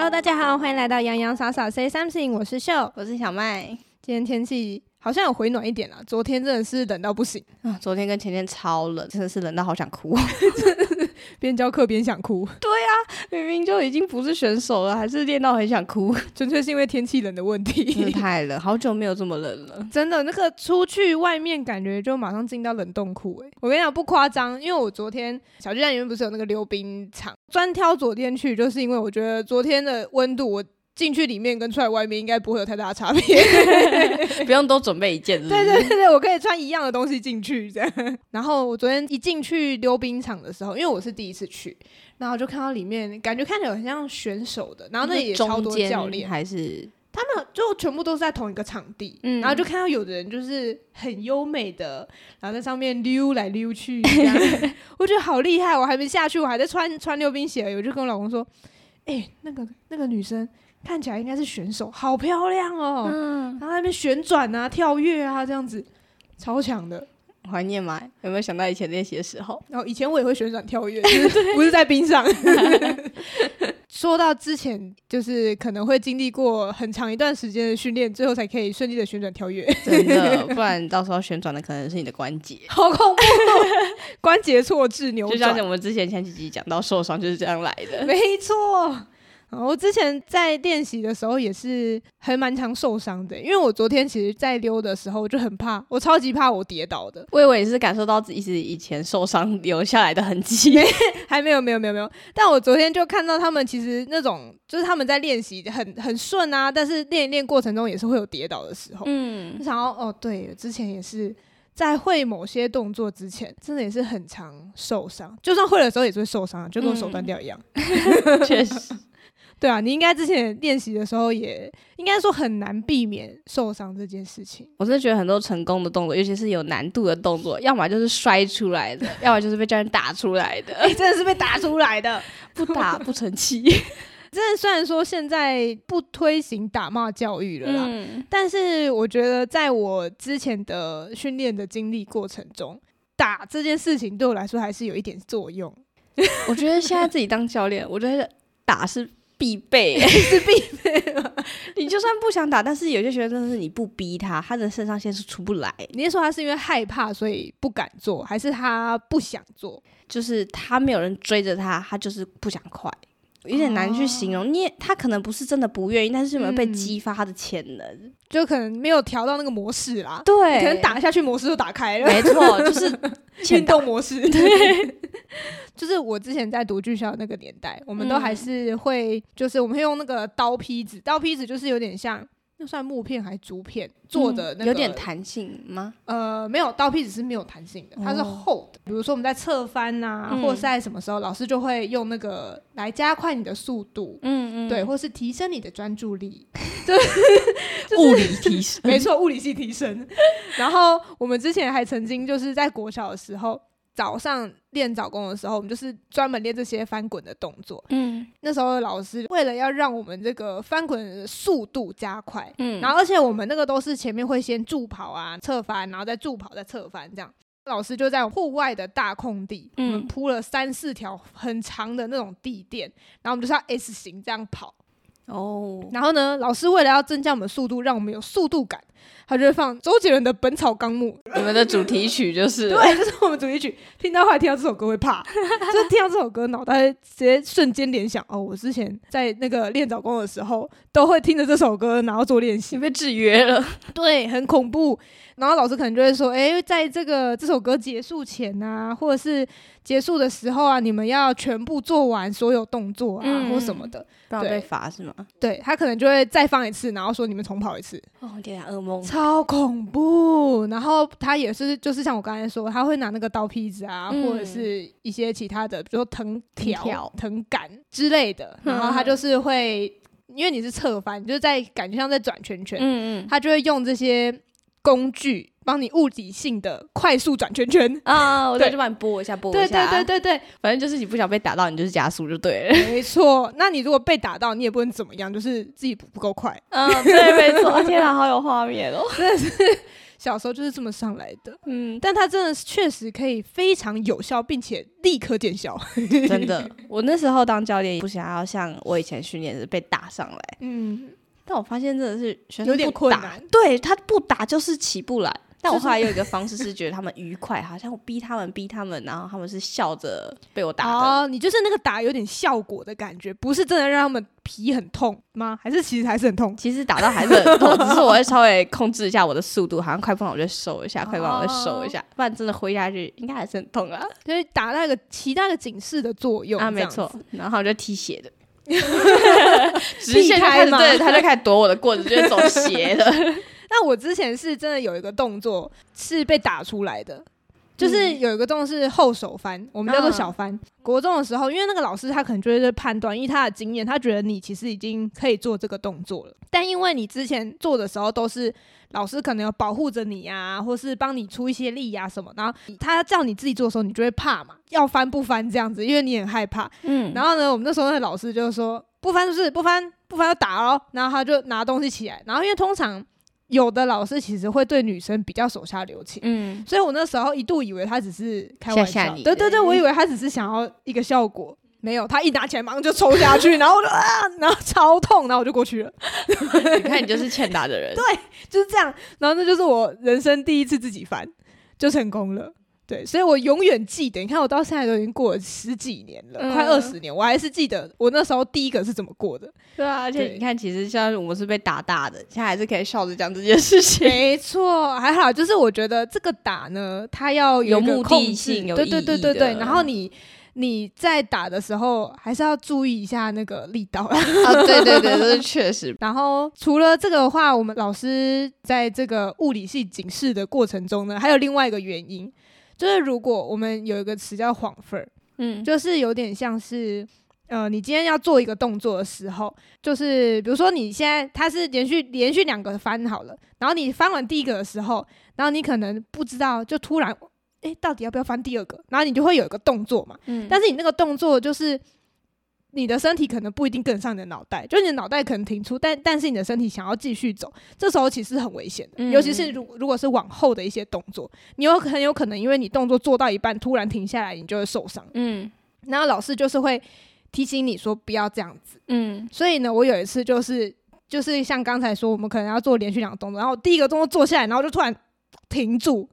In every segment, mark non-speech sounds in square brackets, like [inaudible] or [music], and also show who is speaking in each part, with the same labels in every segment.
Speaker 1: Hello，大家好，歡迎來到洋洋灑灑 Say Something，我是秀，我是小麥，今天天氣。好像有回暖一點啦，昨天真的是冷到不行啊！昨天跟前天超冷，真的是冷到好想哭，邊 [laughs] 教課邊想哭。對呀、啊，明明就已經不是選手了，還是練到很想哭，純粹 [laughs] 是因為天氣冷的問題。太冷，好久沒有這麼冷了， [laughs] 真的，那個出去外面感覺就馬上進到冷凍庫誒，我跟你講不誇張，因為我昨天小巨蛋裡面不是有那個溜冰場，專挑昨天去，就是因為我覺得昨天的溫度我。進去裡面跟出來外面應該不會有太大差別， [laughs] [laughs] 不用多準備一件是不是？對對對，我可以穿一樣的東西進去，這樣。然後我昨天一進去溜冰場的時候，因為我是第一次去，然後就看到裡面感覺看起來很像選手的，然後那裡也超多教練，還是他們就全部都是在同一個場地，然後就看到有的人就是很優美的，然後在上面溜來溜去，我覺得好厲害。我還沒下去，我還在穿穿溜冰鞋，我就跟我老公說：“哎，那個那個女生。”看起來應該是選手，好漂亮哦、喔！嗯，然後那邊旋轉啊、跳躍啊，這樣子，超強的，懷念嘛？有沒有想到以前練習的時候？然後、哦、以前我也會旋轉跳躍， [laughs] 對就是不是在冰上。 [laughs] [laughs] [laughs] 說到之前，就是可能會經歷過很長一段時間的訓練，最後才可以順利的旋轉跳躍。 [laughs] 真的，不然到時候旋轉的可能是你的關節， [laughs] 好恐怖、哦！ [laughs] 關節錯置扭轉。就像我們之前前幾集講到受傷就是這樣來的。 [laughs] 沒錯。我之前在練習的時候也是還蠻常受傷的，欸，因為我昨天其實，在溜的時候就很怕，我超級怕我跌倒的。我以為也是感受到自己是以前受傷留下來的痕跡。還沒有，沒有，沒有，沒有。但我昨天就看到他們其實那種，就是他們在練習很很順啊，但是練一練過程中也是會有跌倒的時候。嗯，然後哦，對，之前也是在會某些動作之前，真的也是很常受傷。就算會的時候也是會受傷，就跟我手斷掉一樣。確、嗯、 [laughs] 實。對啊，你應該之前練習的時候也應該說很難避免受傷這件事情。我是覺得很多成功的動作，尤其是有難度的動作，要麼就是摔出來的， [laughs] 要麼就是被教練打出來的。欸、真的是被打出來的， [laughs] 不打不成器。 [laughs] 真的，雖然說現在不推行打罵教育了啦，嗯、但是我覺得在我之前的訓練的經歷過程中，打這件事情對我來說還是有一點作用。 [laughs] 我覺得現在自己當教練，我覺得打是。必備、欸、 [laughs] 是必備， [laughs] 你就算不想打，但是有些學生是你不逼他，他的腎上腺素出不來、欸。你那時候，他是因為害怕所以不敢做，還是他不想做？就是他沒有人追着他，他就是不想快。有點難去形容，哦、你他可能不是真的不願意，但是有沒有被激發他的潛能、嗯，就可能沒有調到那個模式啦。對，可能打下去模式就打開了。沒錯，就是運 [laughs] 動模式。打對， [laughs] 就是我之前在讀劇校的那個年代，我們都還是會，嗯、就是我們會用那個刀坯子。刀坯子就是有點像。那算木片還是竹片做的，那個嗯？有點彈性嗎？呃，沒有，刀片只是沒有彈性的，它是厚的。哦，比如說我們在側翻吶，啊，嗯，或者在什麼時候，老師就會用那個來加快你的速度。嗯嗯，對，或是提升你的專注力，對，物理提升，沒錯，物理系提升。 [laughs] 然後我們之前還曾經就是在國小的時候。早上練早功的時候，我們就是專門練這些翻滾的動作。嗯，那時候老師為了要讓我們這個翻滾的速度加快，嗯，然後而且我們那個都是前面會先助跑啊，側翻，然後再助跑，再側翻，這樣。老師就在戶外的大空地，嗯，我們鋪了三四條很長的那種地墊，嗯、然後我們就是要 S 型這樣跑。哦，然後呢，老師為了要增加我們的速度，讓我們有速度感。他就會放周杰倫的《本草綱目》，你們的主題曲就是 [laughs] 對，就是我們主題曲。聽到後來聽到這首歌會怕，就是聽到這首歌腦 [laughs] 袋會直接瞬間聯想哦。我之前在那個練早功的時候，都會聽着這首歌，然後做練習。你被制約了，對，很恐怖。然後老師可能就會說：“哎、欸，在這個這首歌結束前啊，或者是結束的時候啊，你們要全部做完所有動作啊，嗯、或什麼的，不要被罰對是嗎？”對，他可能就會再放一次，然後說你們重跑一次。哦，天啊，超恐怖！然後他也是，就是像我剛才說，他會拿那個刀劈子啊，嗯、或者是一些其他的，比如說藤條、藤桿條之類的。然後他就是會，嗯、因為你是側翻，你就是在感覺像在轉圈圈，嗯嗯，他就會用這些。工具幫你物理性的快速轉圈圈啊，啊！我再對就幫你撥一下，撥一下。對對對對對，反正就是你不想被打到，你就是加速就對了。沒錯，那你如果被打到，你也不能怎麼樣，就是自己不不夠快。嗯、啊，對，沒錯。 [laughs] 天啊，好有畫面哦、喔！真的是小時候就是這麼上來的。嗯，但它真的確實可以非常有效，並且立刻見效。真的，我那時候當教練也不想要像我以前訓練是被打上來。嗯。但我發現真的是有點困難，對，他不打就是起不來。就
Speaker 2: 是、但我後來有一個方
Speaker 1: 式是覺得他們愉快， [laughs] 好像我逼他們，逼他們，然後他們是笑着被我打的。哦，你就是那個打有點效果的感覺，不是真的讓他們皮很痛嗎？還是其實還是很痛？其實打到還是很痛， [laughs] 只是我會稍微控制一下我的速度，好像快不了我就收一下，哦、快不了我就收一下，不然真的揮下去應該還是很痛啊。就是打那個起到一個警示的作用啊，沒錯，然後我就踢鞋的。哈哈哈哈哈！避 [laughs] [laughs] 開嘛，對，他就開始躲我的棍子，就是走斜的。 [laughs] [laughs] 那我之前是真的有一個動作是被打出來的，就是有一個動作是後手翻，我們叫做小翻。國中的時候，因為那個老師他可能就是會判斷，因為他的經驗，他覺得你其實已經可以做這個動作了，但因為你之前做的時候都是。老師可能要保護着你呀，或是幫你出一些力呀什麼，然後他叫你自己做的時候，你就會怕嘛，要翻不翻這樣子，因為你很害怕。嗯，然後呢，我們那時候的老師就是說，不翻就是不翻，不翻就打哦。然後他就拿東西起來，然後因為通常有的老師其實會對女生比較手下留情，嗯，所以我那時候一度以為他只是開玩笑，下下對對對，我以為他只是想要一個效果。沒有，他一拿起來馬上就抽下去， [laughs] 然後我就啊，然後超痛，然後我就過去了。 [laughs] 你看，你就是欠打的人。對，就是這樣。然後那就是我人生第一次自己翻，就成功了。對，所以我永遠記得。你看，我到現在都已經過了十幾年了，嗯、快二十年，我還是記得我那時候第一個是怎麼過的。嗯、對啊，而且你看，其實像我們是被打大的，現在還是可以笑着講這件事情。沒錯，還好，就是我覺得這個打呢，它要有，控有目的性，對，對對對對對，然後你。你在打的時候還是要注意一下那個力道啊！Oh, [laughs] 對對對， [laughs] 這確實。然後除了這個話，我們老師在這個物理系警示的過程中呢，還有另外一個原因，就是如果我們有一個詞叫“黃分”，嗯，就是有點像是，呃，你今天要做一個動作的時候，就是比如說你現在它是連續連續兩個翻好了，然後你翻完第一個的時候，然後你可能不知道，就突然。哎、欸，到底要不要翻第二個？然後你就會有一個動作嘛，嗯，但是你那個動作就是你的身體可能不一定跟得上你的腦袋，就是你的腦袋可能停出，但但是你的身體想要繼續走，這時候其實很危險的，嗯，尤其是如如果是往後的一些動作，你有很有可能因為你動作做到一半突然停下來，你就會受傷。嗯，然後老師就是會提醒你說不要這樣子。嗯，所以呢，我有一次就是就是像剛才說，我們可能要做連續兩個動作，然後第一個動作做下來，然後就突然停住。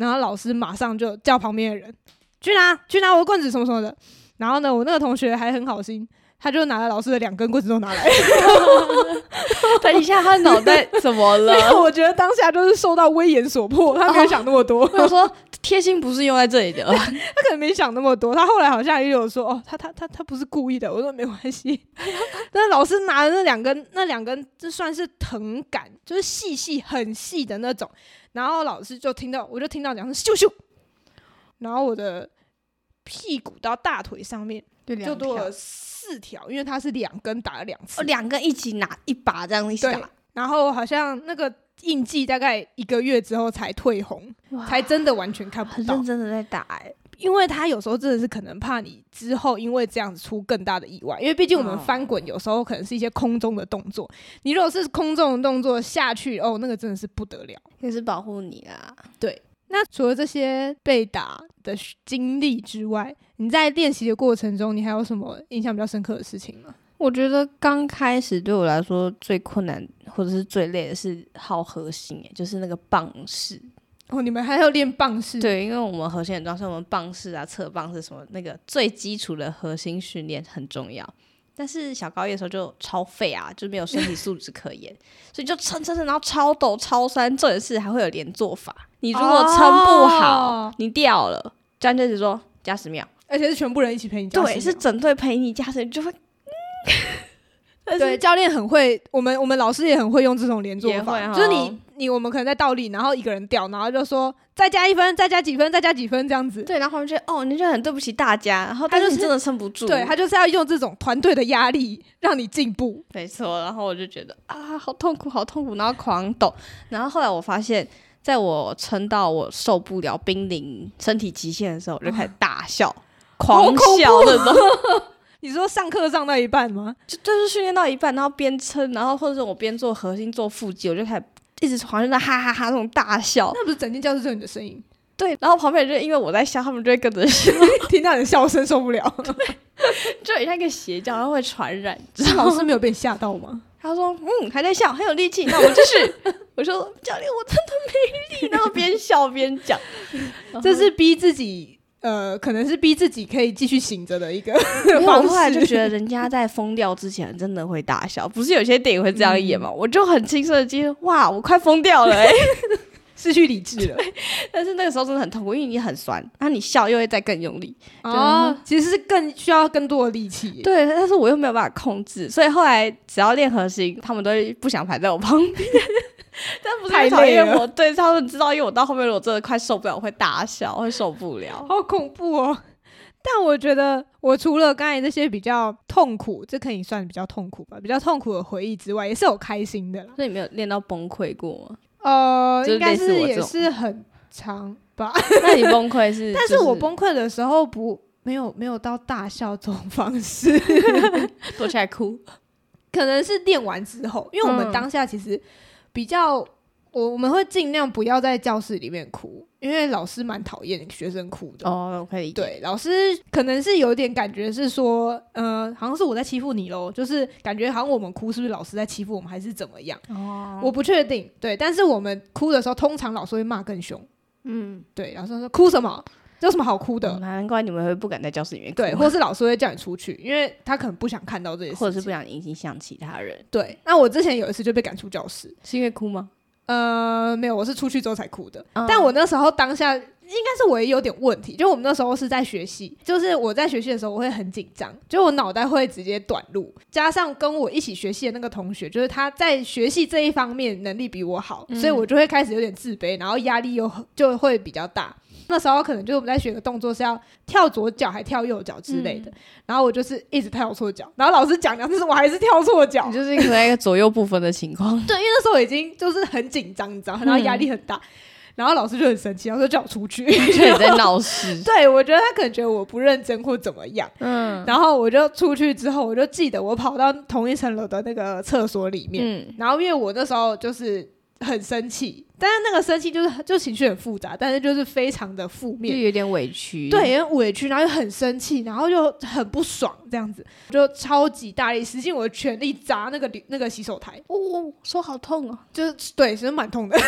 Speaker 1: 然後老師馬上就叫旁邊的人去拿，去拿我的棍子什麼什麼的。然後呢，我那個同學還很好心，他就拿了老師的兩根棍子都拿來。等 [laughs] [laughs] 一下他，他腦袋怎麼了？我覺得當下就是受到威嚴所迫，他沒有想那麼多。我、哦、說：“貼心不是用在這裡的。”他可能沒想那麼多。他後來好像也有說：“哦，他他他他不是故意的。”我說：“沒關係。”但是老師拿的那兩根，那兩根就算是藤桿，就是細細很細的那種。然後老師就聽到，我就聽到兩聲咻咻。然後我的。屁股到大腿上面，就多了四條，因為它是兩根打了兩次，哦、兩根一起拿一把這樣一起打，然後好像那個印記大概一個月之後才退紅，哇才真的完全看不到。很認真，真的在打哎、欸，因為他有時候真的是可能怕你之後因為這樣子出更大的意外，因為畢竟我們翻滾有時候可能是一些空中的動作，哦、你如果是空中的動作下去哦，那個真的是不得了，也是保護你啦，對。那除了這些被打的經歷之外，你在練習的過程中，你還有什麼印象比較深刻的事情嗎？我覺得剛開始對我來說最困難或者是最累的是好核心誒，就是那個棒式哦。你們還要練棒式？對，因為我們核心很重要，所以我們棒式啊、側棒式什麼那個最基礎的核心訓練很重要。但是小高一的時候就超廢啊，就沒有身體素質可言， [laughs] 所以就撐撐撐，然後超抖超酸，這也是還會有連坐法。你如果撐不好，哦、你掉了，教練只說加十秒，而且是全部人一起陪你加十秒，對，是整隊陪你加十秒，就會。但是對教練很會，我們我們老師也很會用這種連坐法，就是你你我們可能在倒立，然後一個人掉，然後就說再加一分，再加幾分，再加幾分這樣子。對，然後他們覺得哦，你就很對不起大家，然後他就是真的撐不住，就是、對他就是要用這種團隊的壓力讓你進步，沒錯。然後我就覺得啊，好痛苦，好痛苦，然後狂抖，然後後來我發現。在我撐到我受不了、瀕臨身體極限的時候，我就開始大笑、嗯、狂後笑那種。你說上課上到一半嗎？就就是訓練到一半，然後邊撐，然後或者是我邊做核心、做腹肌，我就開始一直好像在那哈哈哈那種大笑。那不是整間教室就你的聲音？對，然後旁邊就因為我在笑，他們就會跟着聽到你的笑聲受不了。 [laughs] 就很像一個邪教，然後會傳染。老師 [laughs] 沒有被嚇到嗎？他說：“嗯，還在笑，很有力氣。”那我就是 [laughs] 我說教練，我真的沒力。然後邊笑邊講，這是逼自己，呃，可能是逼自己可以繼續醒着的一個。我後來就覺得人家在瘋掉之前真的會大笑，不是有些電影會這樣演嘛，嗯、我就很輕鬆的接：“哇，我快瘋掉了、欸， [laughs] 失去理智了。”但是那個時候真的很痛苦，因為你很酸，然、啊、後你笑又會再更用力啊，其實是更需要更多的力氣。對，但是我又沒有辦法控制，所以後來只要練核心，他們都不想排在我旁
Speaker 2: 邊。 [laughs] 但不是太討厭我，
Speaker 1: 對。他們知道，因為我到後面我真的快受不了，我會大笑，我會受不了，好恐怖哦。 [laughs] 但我覺得，我除了剛才那些比較痛苦，這可以算比較痛苦吧，比較痛苦的回憶之外，也是有開心的。所以你沒有練到崩潰過嗎？呃，應該是也是很。長吧，那你崩潰是？ [laughs] 但是我崩潰的時候不沒有沒有到大笑這種方式，躲起來哭，可能是練完之後，因為我們當下其實比較，我我們會盡量不要在教室裡面哭，因為老師蠻討厭學生哭的。哦，可以。對，老師可能是有點感覺是說，嗯，好像是我在欺負你嘍，就是感覺好像我們哭是不是老師在欺負我們，還是怎麼樣？哦，我不確定。對，但是我們哭的時候，通常老師會罵更凶。嗯，對，老師說，哭什麼？這有什麼好哭的？嗯、難怪你們會不，會不敢在教室裡面哭。啊，對，或是老師會叫你出去，因為他可能不想看到這些事情，或者是不想影響其他人。對，那我之前有一次就被趕出教室。是因為哭嗎？呃，沒有，我是出去之後才哭的。哦、但我那時候當下。應該是我也有點問題，就我們那時候是在學習。就是我在學習的時候，我會很緊張，就我腦袋會直接短路。加上跟我一起學習的那個同學，就是他在學習這一方面能力比我好，嗯、所以我就會開始有點自卑，然後壓力又就會比較大。那時候可能就是我們在學的動作是要跳左腳還跳右腳之類的，嗯、然後我就是一直跳錯腳，然後老師講兩次，是我還是跳錯腳。你就是一個、一個左右不分的情況。 [laughs] 對，因為那時候我已經就是很緊張，你知道，然後壓力很大。嗯然後老師就很生氣，然後說叫我出去，因為你在鬧事。對，我覺得他可能覺得我不認真或怎麼樣。嗯，然後我就出去之後，我就記得我跑到同一層樓的那個廁所裡面。嗯，然後因為我那時候就是很生氣。但是那個生氣就是就情緒很複雜，但是就是非常的負面，就有點委屈。對，有點委屈，然後又很生氣，然後又很不爽，這樣子，就超級大力，使勁我全力砸那個那個洗手台，嗚、哦，手好痛哦、啊，就是對，其實蠻痛的， [laughs] [laughs] [laughs] 但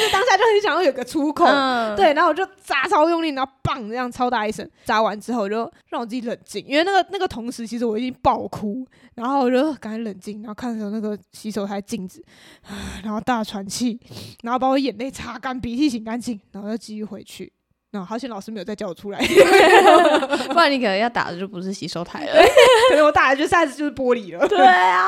Speaker 1: 是當下就很想要有個出口，嗯、對，然後我就砸超用力，然後砰這樣超大一聲，砸完之後我就讓我自己冷靜，因為那個那個同時其實我已經爆哭，然後我就趕緊冷靜，然後看着那個洗手台鏡子，啊，然後大喘氣。然後把我眼淚擦乾，鼻涕擤乾淨，然後又繼續回去。然後好像老師沒有再叫我出來， [laughs] [laughs] 不然你可能要打的就不是洗手台了， [laughs] 可能我打的就下次就是玻璃了。對啊，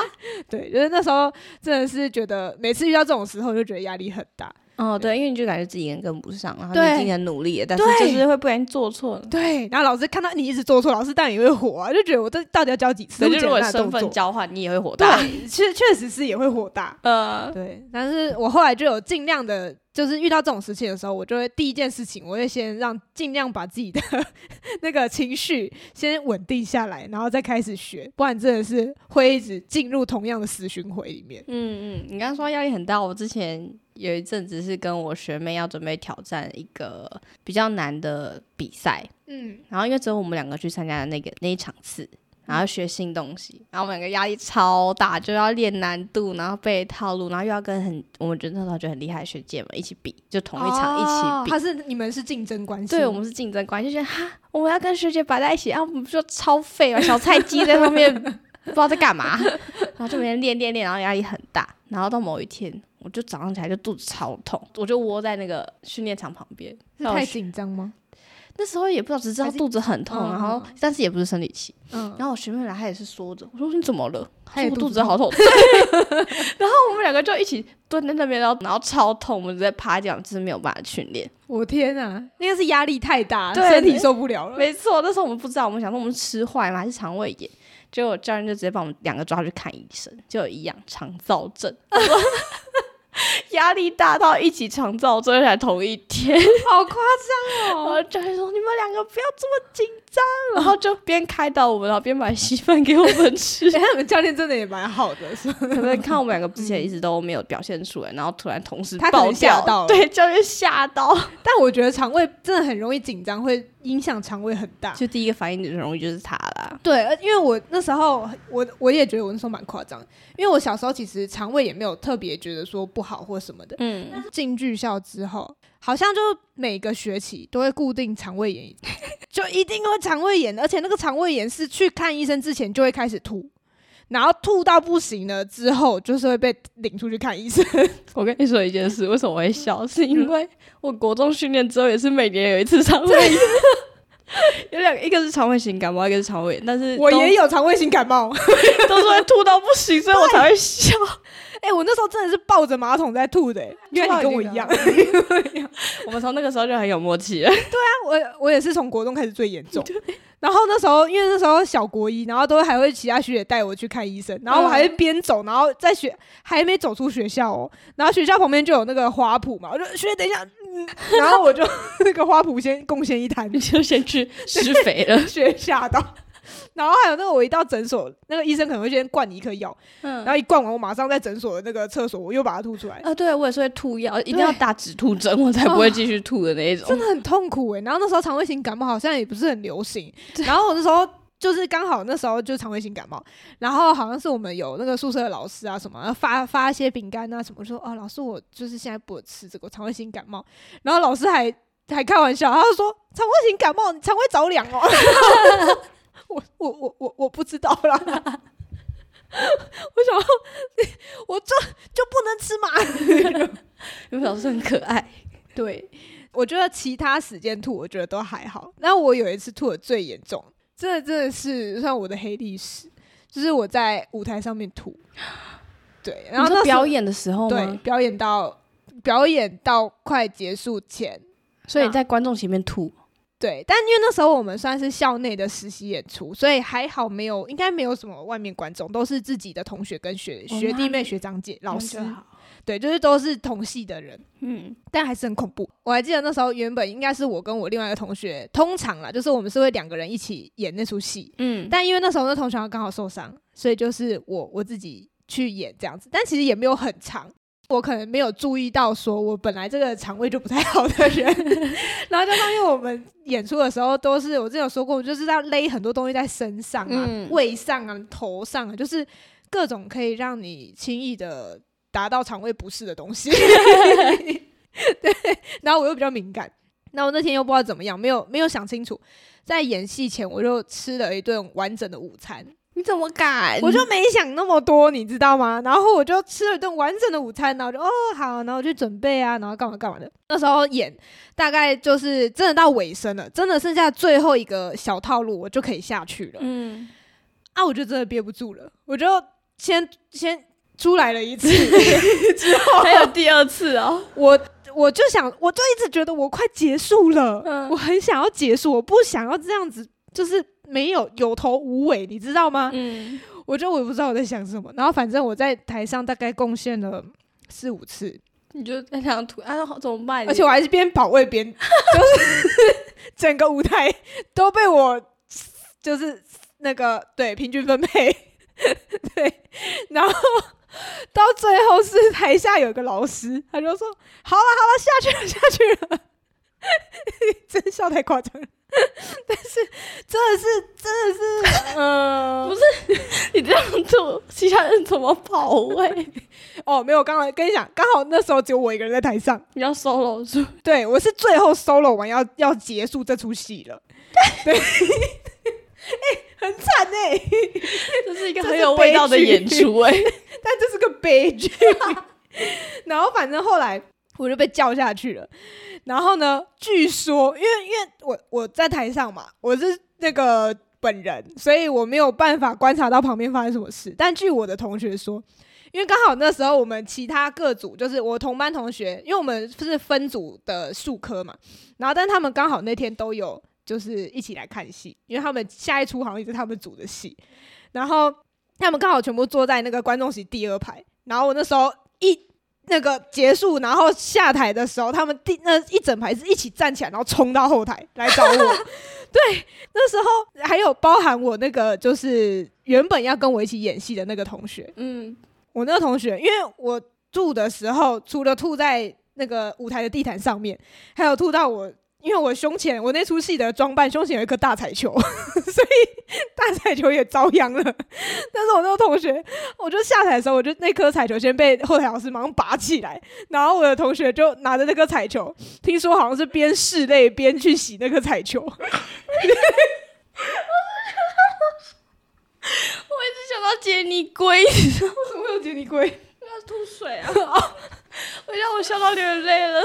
Speaker 1: 對，就是那時候真的是覺得每次遇到這種時候就覺得壓力很大。哦，對，因為你就感覺自己跟跟不上，對然後你盡很努力了，但是就是會不小心做錯了，對,對。然後老師看到你一直做錯，老師當然也會火啊，就覺得我這到底要教幾次？我覺得如果身份交換，你也會火大。對，嗯、確確實是也會火大。呃，對。但是我後來就有儘量的。就是遇到這種事情的時候，我就會第一件事情，我會先讓盡量把自己的 [laughs] 那個情緒先穩定下來，然後再開始學，不然真的是會一直進入同樣的死循環裡面。嗯嗯，你剛剛說壓力很大，我之前有一陣子是跟我學妹要準備挑戰一個比較難的比賽，嗯，然後因為只有我們兩個去參加那個那一場次。然後學新東西，然後我們兩個壓力超大，就要練難度，然後背套路，然後又要跟很我們覺得那時候覺得很厲害的學姐們一起比，就同一場一起比。哦，他是你們是競爭關係。對，我們是競爭關係，覺得哈，我們要跟學姐擺在一起啊，我們就超廢嘛，小菜雞在後面 [laughs] 不知道在幹嘛，然後就每天練練練，然後壓力很大。然後到某一天，我就早上起來就肚子超痛，我就窩在那個訓練場旁邊。太緊張嗎？那時候也不知道，只知道肚子很痛，嗯嗯、然後但是也不是生理期。嗯，然後我學妹來，她也是說着，我說你怎麼了？她也肚子好痛。然後我們兩個就一起蹲在那邊，然後 [laughs] 然後超痛，我們直在趴地，我就是沒有辦法訓練。我天啊，那個是壓力太大，對啊、身體受不了了。沒錯，那時候我們不知道，我們想說我們是吃壞嗎？還是腸胃炎？結果教練就直接把我們兩個抓去看醫生，就有一樣腸躁症。 [laughs] [laughs] 壓力大到一起腸造最後才同一天，好誇張哦！我、呃、教練說，你們兩個不要這麼緊張，啊、然後就邊開導我們，然後邊買稀飯給我們吃。哎、 [laughs] 欸，我們教練真的也蠻好的、的，可是不看我們兩個之前一直都沒有表現出來，嗯、然後突然同時被嚇到、到，對教練嚇到。但我覺得腸胃真的很容易緊張，會。影響腸胃很大，就第一個反應很容易就是它啦。對，因為我那時候我我也覺得我那時候蠻誇張，因為我小時候其實腸胃也沒有特別覺得說不好或什麼的。嗯，進劇校之後，好像就每個學期都會固定腸胃炎， [laughs] 就一定會腸胃炎，而且那個腸胃炎是去看醫生之前就會開始吐。然後吐到不行了之後，就是會被領出去看醫生。我跟你說一件事，為什麼我會笑？是因為我國中訓練之後也是每年有一次腸胃炎，對 [laughs] 有兩個，一個是腸胃型感冒，一個是腸胃炎。但是我也有腸胃型感冒，都是會吐到不行，所以我才會笑。哎、欸，我那時候真的是抱着馬桶在吐的、欸，因為你跟我一樣，啊、 [laughs] 我們從那個時候就很有默契了。對啊，我我也是從國中開始最嚴重，對然後那時候因為那時候小國一，然後都還會其他學姐帶我去看醫生，然後我還會邊走，然後在學還沒走出學校哦、喔，然後學校旁邊就有那個花圃嘛，我就學姐等一下，嗯、然後我就 [laughs] 那個花圃先貢獻一攤，就先去施肥了， [laughs] 學姐嚇到。然後還有那個，我一到診所，那個醫生可能會先灌你一顆藥，嗯，然後一灌完，我馬上在診所的那個廁所，我又把它吐出來。啊，呃、對，我也是會吐藥，對一定要打止吐針，我才不會繼續吐的那一種、哦。真的很痛苦誒、欸。然後那時候腸胃型感冒好像也不是很流行，對然後我那時候就是剛好那時候就腸胃型感冒，然後好像是我們有那個宿舍的老師啊什麼發發一些餅乾啊什麼，說哦老師我就是現在不吃這個腸胃型感冒，然後老師還還開玩笑，他就說腸胃型感冒你腸胃着涼哦。 [laughs] 我我我我我不知道啦， [laughs] [laughs] 為什麼我這就,就不能吃嗎？有時候很可愛。對，我覺得其他時間吐，我覺得都還好。那我有一次吐得最嚴重，這真的是算我的黑歷史，就是我在舞台上面吐。對，然後表演的時候，對，表演到表演到快結束前，所以你在觀眾前面吐。對，但因為那時候我們算是校內的實習演出，所以還好沒有，應該沒有什麼外面觀眾，都是自己的同學跟學、oh, that 學弟妹、that 學長姐、that 老師，s 對，就是都是同系的人。嗯，但還是很恐怖。我還記得那時候原本應該是我跟我另外一個同學通常啦，就是我們是會兩個人一起演那出戲。嗯，但因為那時候那同學剛好受傷，所以就是我我自己去演這樣子，但其實也沒有很長。我可能沒有注意到，說我本來這個腸胃就不太好的人， [laughs] [laughs] 然後就發現我們演出的時候都是我之前有說過，就是要勒很多東西在身上啊、胃上啊、頭上啊，就是各種可以讓你輕易的達到腸胃不適的東西。 [laughs] [laughs] 對，然後我又比較敏感，那我那天又不知道怎麼樣，沒有沒有想清楚，在演戲前我就吃了一頓完整的午餐。你怎麼敢？我就沒想那麼多，你知道嗎？然後我就吃了一頓完整的午餐，然後就哦好，然後我就準備啊，然後幹嘛幹嘛的。那時候演大概就是真的到尾聲了，真的剩下最後一個小套路，我就可以下去了。嗯，啊，我就真的憋不住了，我就先先出來了一次， [laughs] 之後還有第二次哦。我我就想，我就一直覺得我快結束了，嗯，我很想要結束，我不想要這樣子，就是。沒有有頭無尾，你知道嗎？嗯，我就，我不知道我在想什麼。然後反正我在台上大概貢獻了四五次，你就在想圖啊，怎麼辦？而且我還是邊保衛邊，就是 [laughs] 整個舞台都被我，就是那個對，平均分配對，然後到最後是台下有一個老師，他就說：“好了好了，下去了下去了。” [laughs] 真笑太誇張， [laughs] 但是真的是真的是，嗯，呃、 [laughs] 不是你這樣吐，其他人怎麼跑位？欸？哦，沒有，剛剛跟你講，剛好那時候只有我一個人在台上，你要 solo 住。對，我是最後 solo 完要要結束這齣戲了。 [laughs] 對，哎、 [laughs] 欸，很慘哎、欸， [laughs] 這是一個很有味道的演出哎、欸， [laughs] 這 [laughs] 但這是個悲劇。 [laughs] 然後反正後來。我就被叫下去了，然後呢，據說，因為因為我我在台上嘛，我是那個本人，所以我沒有辦法觀察到旁邊發生什麼事。但據我的同學說，因為剛好那時候我們其他各組就是我同班同學，因為我們不是分組的數科嘛，然後但他們剛好那天都有就是一起來看戲，因為他們下一出好像也是他們組的戲，然後他們剛好全部坐在那個觀眾席第二排，然後我那時候一。那個結束，然後下台的時候，他們第那一整排是一起站起來，然後衝到後台來找我。 [laughs] 對，那時候還有包含我那個，就是原本要跟我一起演戲的那個同學。嗯，我那個同學，因為我吐的時候，除了吐在那個舞台的地毯上面，還有吐到我。因為我胸前我那出戲的裝扮胸前有一顆大彩球，呵呵所以大彩球也遭殃了。但是我那個同學，我就下台的時候，我就那顆彩球先被後台老師馬上拔起來，然後我的同學就拿着那顆彩球，聽說好像是邊拭淚邊去洗那個彩球我 [laughs] 我。我一直想到傑尼龜，為什麼會有傑尼龜？我要吐水啊！ [laughs] 我讓我笑到流淚了。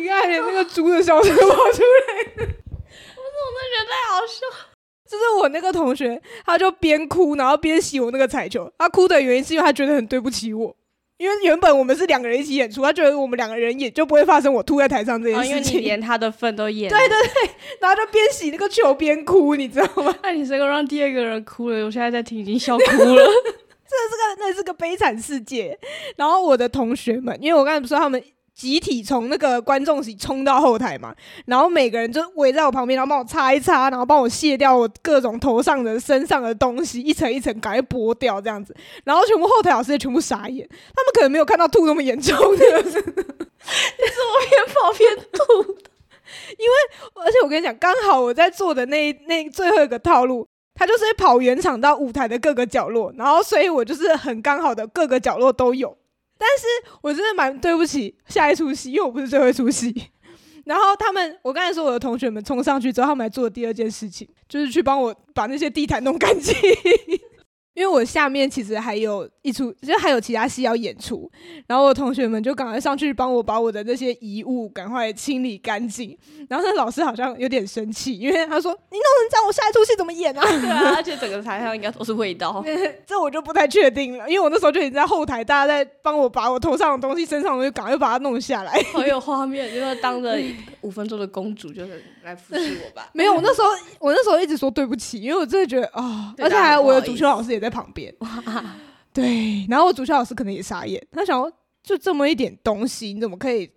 Speaker 1: 你看，連那個豬的笑聲都跑出來了。 [laughs] 我總是覺得好笑。就是我那個同學，他就邊哭然後邊洗我那個彩球。他哭的原因是因為他覺得很對不起我，因為原本我們是兩個人一起演出，他覺得我們兩個人演就不會發生我吐在台上這件事情。哦，因為你連他的份都演了。對對對，然後就邊洗那個球邊哭，你知道嗎？那 [laughs] 你這個讓第二個人哭了，我現在在聽已經笑哭了。真的 [laughs] 是個，那是個悲慘世界。然後我的同學們，因為我剛才不是說他們。集體從那個觀眾席衝到後台嘛，然後每個人就圍在我旁邊，然後幫我擦一擦，然後幫我卸掉我各種頭上的、身上的東西，一層一層趕快剝掉這樣子。然後全部後台老師也全部傻眼，他們可能沒有看到吐這麼嚴重，真的是，就是我邊跑邊吐，因為而且我跟你講，剛好我在做的那那最後一個套路，他就是跑圓場到舞台的各個角落，然後所以我就是很剛好的各個角落都有。但是我真的蠻對不起下一齣戲，因為我不是最後一齣戲。然後他們，我剛才說我的同學們衝上去之後，他們還做了第二件事情，就是去幫我把那些地毯弄乾淨。 [laughs] 因為我下面其實還有一出，就還有其他戲要演出，然後我同學們就趕快上去幫我把我的那些遺物趕快清理乾淨。然後那老師好像有點生氣，因為他說：“你弄成這樣，我下一出戲怎麼演啊，啊？”對啊，而且整個台上應該都是味道。 [laughs] 這我就不太確定了，因為我那時候就已經在後台，大家在幫我把我頭上的東西、身上，我就趕快把它弄下來。好有畫面，因、就、為、是、當着五分鐘的公主就是來服侍我吧，嗯？沒有，我那時候我那時候一直說對不起，因為我真的覺得啊，哦、對而且還有我的主修老師也。在旁邊，哇對。然後我主教老師可能也傻眼，他想說，就這麼一點東西，你怎麼可以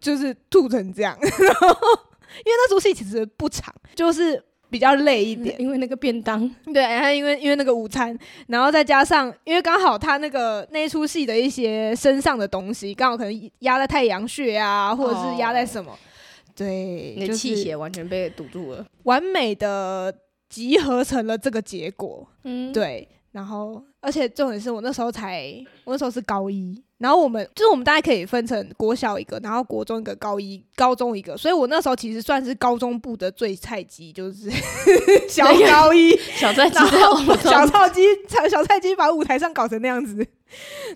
Speaker 1: 就是吐成這樣？因為那出戲其實不長，就是比較累一點，嗯、因為那個便當，對。然後因為因為那個午餐，然後再加上，因為剛好他那個那出戲的一些身上的東西，剛好可能壓在太陽穴啊，或者是壓在什麼，哦、對，那氣血完全被堵住了，完美的集合成了這個結果。嗯，對。然後，而且重點是我那時候才，我那時候是高一。然後我們就是我們大概可以分成國小一個，然後國中一個，高一、高中一個。所以我那時候其實算是高中部的最菜雞，就是、那個、 [laughs] 小高一、小菜雞後、小菜雞，小菜雞把舞台上搞成那樣子，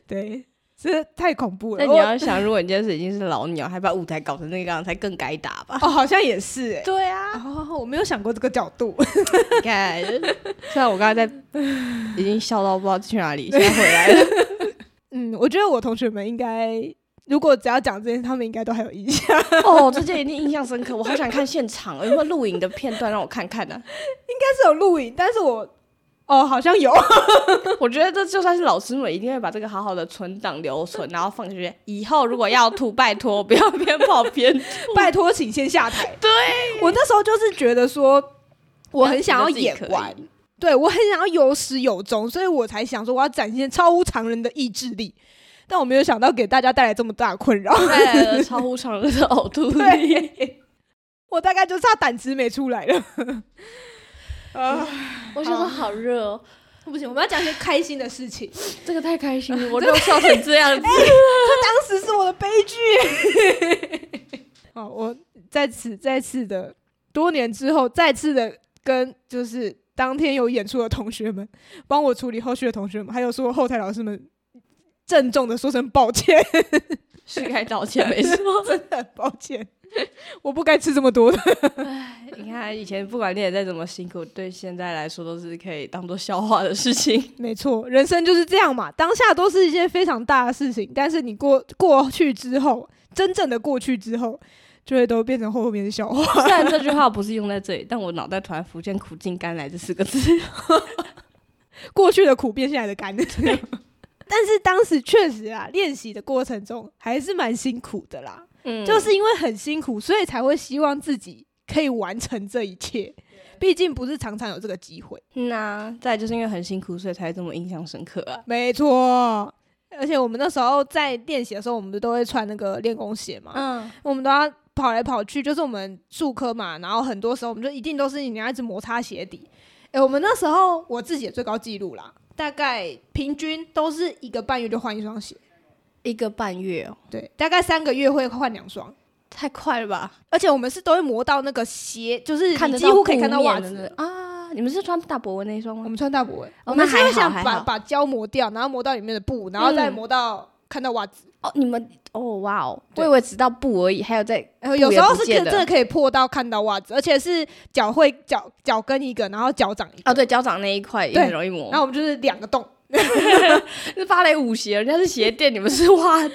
Speaker 1: 對。這太恐怖了！那你要想，如果你今天是已經是老鳥，我還把舞台搞成那個樣，才更該打吧？哦，好像也是、欸，哎，對啊。好好、哦、我沒有想過這個角度。OK，雖然我剛才在已經笑到不知道去哪裡，對現在回來了。嗯，我覺得我同學們應該，如果只要講這些，他們應該都還有印象。 [laughs] 哦，這件一定印象深刻，我好想看現場，有沒有錄影的片段讓我看看呢、啊？應該是有錄影，但是我。哦，好像有。 [laughs] 我覺得這就算是老師們一定會把這個好好的存檔留存，然後放進去。 [laughs] 以後如果要吐，拜托不要邊跑邊，拜托請先下台。對，我那時候就是覺得說，
Speaker 2: 我很想要演完，
Speaker 1: 對，我很想要有始有終，所以我才想說我要展現超乎常人的意志力。但我沒有想到給大家帶來這麼大的困擾， [laughs] 的超乎常人的嘔吐力。對，我大概就差膽子沒出來了。 [laughs] 嗯、啊！我想說好熱，哦。好不行，我們要講一些開心的事情。這個太開心了，啊、我都笑成這樣子。他、欸欸欸、當時是我的悲劇。 [laughs] 好，我在此再次的多年之後，再次的跟就是當天有演出的同學們，幫我處理後續的同學們，還有說後台老師們，鄭重的說聲抱歉，是該道歉，沒錯， [laughs] 真的很抱歉。我不該吃這麼多的。 [laughs] 你看，以前不管練再怎麼辛苦，對現在來說都是可以當做笑話的事情。沒錯，人生就是這樣嘛，當下都是一件非常大的事情，但是你過過去之後，真正的過去之後，就會都變成後面的笑話。雖然這句話不是用在這裡，但我腦袋突然浮現“苦盡甘來”這四個字， [laughs] [laughs] 過去的苦變現在的甘，對 [laughs] 但是當時確實啊，練習的過程中還是蠻辛苦的啦。嗯，就是因為很辛苦，所以才會希望自己可以完成這一切。畢 Yeah. 竟不是常常有這個機會。嗯啊，再就是因為很辛苦，所以才這麼印象深刻啊。沒錯，而且我們那時候在練習的時候，我們都會穿那個練功鞋嘛。嗯，我們都要跑來跑去，就是我們術科嘛。然後很多時候，我們就一定都是你要一直摩擦鞋底。誒、欸，我們那時候我自己的最高紀錄啦，大概平均都是一個半月就換一雙鞋。一個半月，哦，對，大概三個月會換兩雙，太快了吧！而且我們是都會磨到那個鞋，就是幾乎可以看到襪子到啊。你們是穿大博文那一雙嗎？我們穿大博文，哦，我們是還會想把好把膠磨掉，然後磨到裡面的布，然後再磨到看到襪子。嗯，哦，你們哦，哇哦！對我以為只到布而已，還有在，有時候是真真的可以破到看到襪子，而且是腳會腳腳跟一個，然後腳掌哦，對，腳掌那一塊也很容易磨。然後我們就是兩個洞。 [laughs] [laughs] 是芭蕾舞鞋，人家是鞋墊，你們是襪子。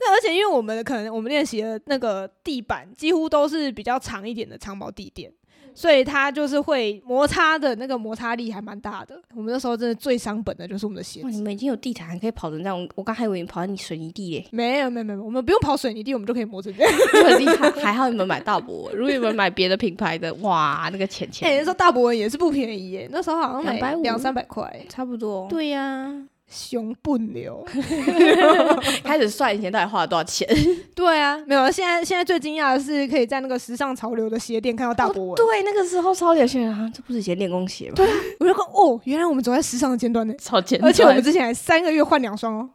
Speaker 1: 那 [laughs] 而且因為我們可能我們練習的那個地板幾乎都是比較長一點的長毛地墊。所以它就是會摩擦的那個摩擦力還蠻大的。我們那時候真的最傷本的就是我們的鞋子。哇，你們已經有地毯還可以跑成這樣，我剛還以為你跑在水泥地嘞、欸。沒有沒有沒有，我們不用跑水泥地，我們就可以磨成這樣，就很厲害。還好你們買大博文， [laughs] 如果你們買別的品牌的，哇，那個錢錢、欸。那時候大博文也是不便宜耶、欸，那時候好像買百兩三百塊，差不多。對呀、啊。熊不流， [laughs] [laughs] 開始算以前到底花了多少錢？對啊，沒有。現在現在最驚訝的是，可以在那個時尚潮流的鞋店看到大波紋、哦。對，那個時候超有錢啊，這不是以前練功鞋嗎？對啊，我就說哦，原來我們走在時尚的前端呢、欸，超前。而且我們之前還三個月換兩雙哦，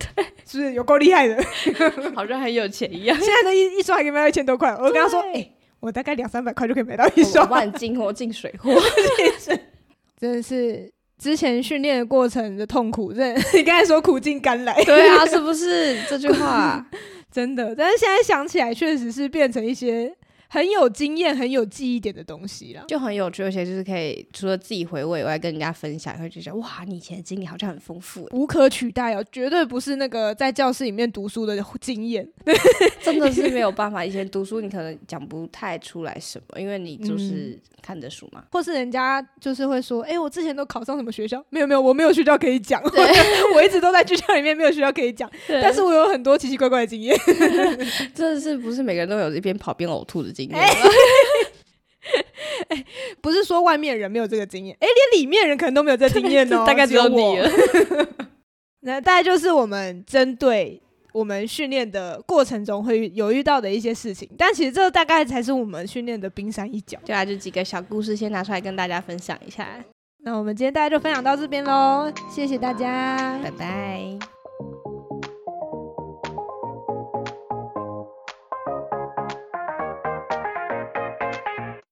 Speaker 1: 是不對是有夠厲害的？ [laughs] 好像很有錢一樣。現在的一一雙還可以賣到一千多塊，對我跟他說，哎、欸，我大概兩三百塊就可以買到一雙。萬金火進水貨， [laughs] [laughs] 真的是。之前訓練的過程的痛苦，真的你剛才說苦盡甘來， [laughs] [laughs] 對啊，是不是這句話、啊、真的？但是現在想起來，確實是變成一些，很有經驗、很有記憶點的東西啦，就很有趣。而且就是可以除了自己回味以外，跟人家分享，會覺得哇，你以前的經歷好像很豐富、欸，無可取代哦、啊，絕對不是那個在教室裡面讀書的經驗。” [laughs] 真的是沒有辦法，以前讀書你可能講不太出來什麼，因為你就是看着書嘛、嗯。或是人家就是會說：“哎、欸，我之前都考上什麼學校？”沒有沒有，我沒有學校可以講對。我一直都在劇場裡面，沒有學校可以講。對但是我有很多奇奇怪怪的經驗。 [laughs] 真的是不是每個人都有一邊跑邊嘔吐的經驗？ [laughs] 哎， [laughs] 哎，不是說外面人沒有這個經驗，哎，連裡面人可能都沒有這個經驗哦。大概只有你，只有我。 [laughs] 那大概就是我們針對我們訓練的過程中會有遇到的一些事情，但其實這大概才是我們訓練的冰山一角。就把、啊、就幾個小故事先拿出來跟大家分享一下。那我們今天大家就分享到這邊嘍，謝謝大家，拜拜。拜拜。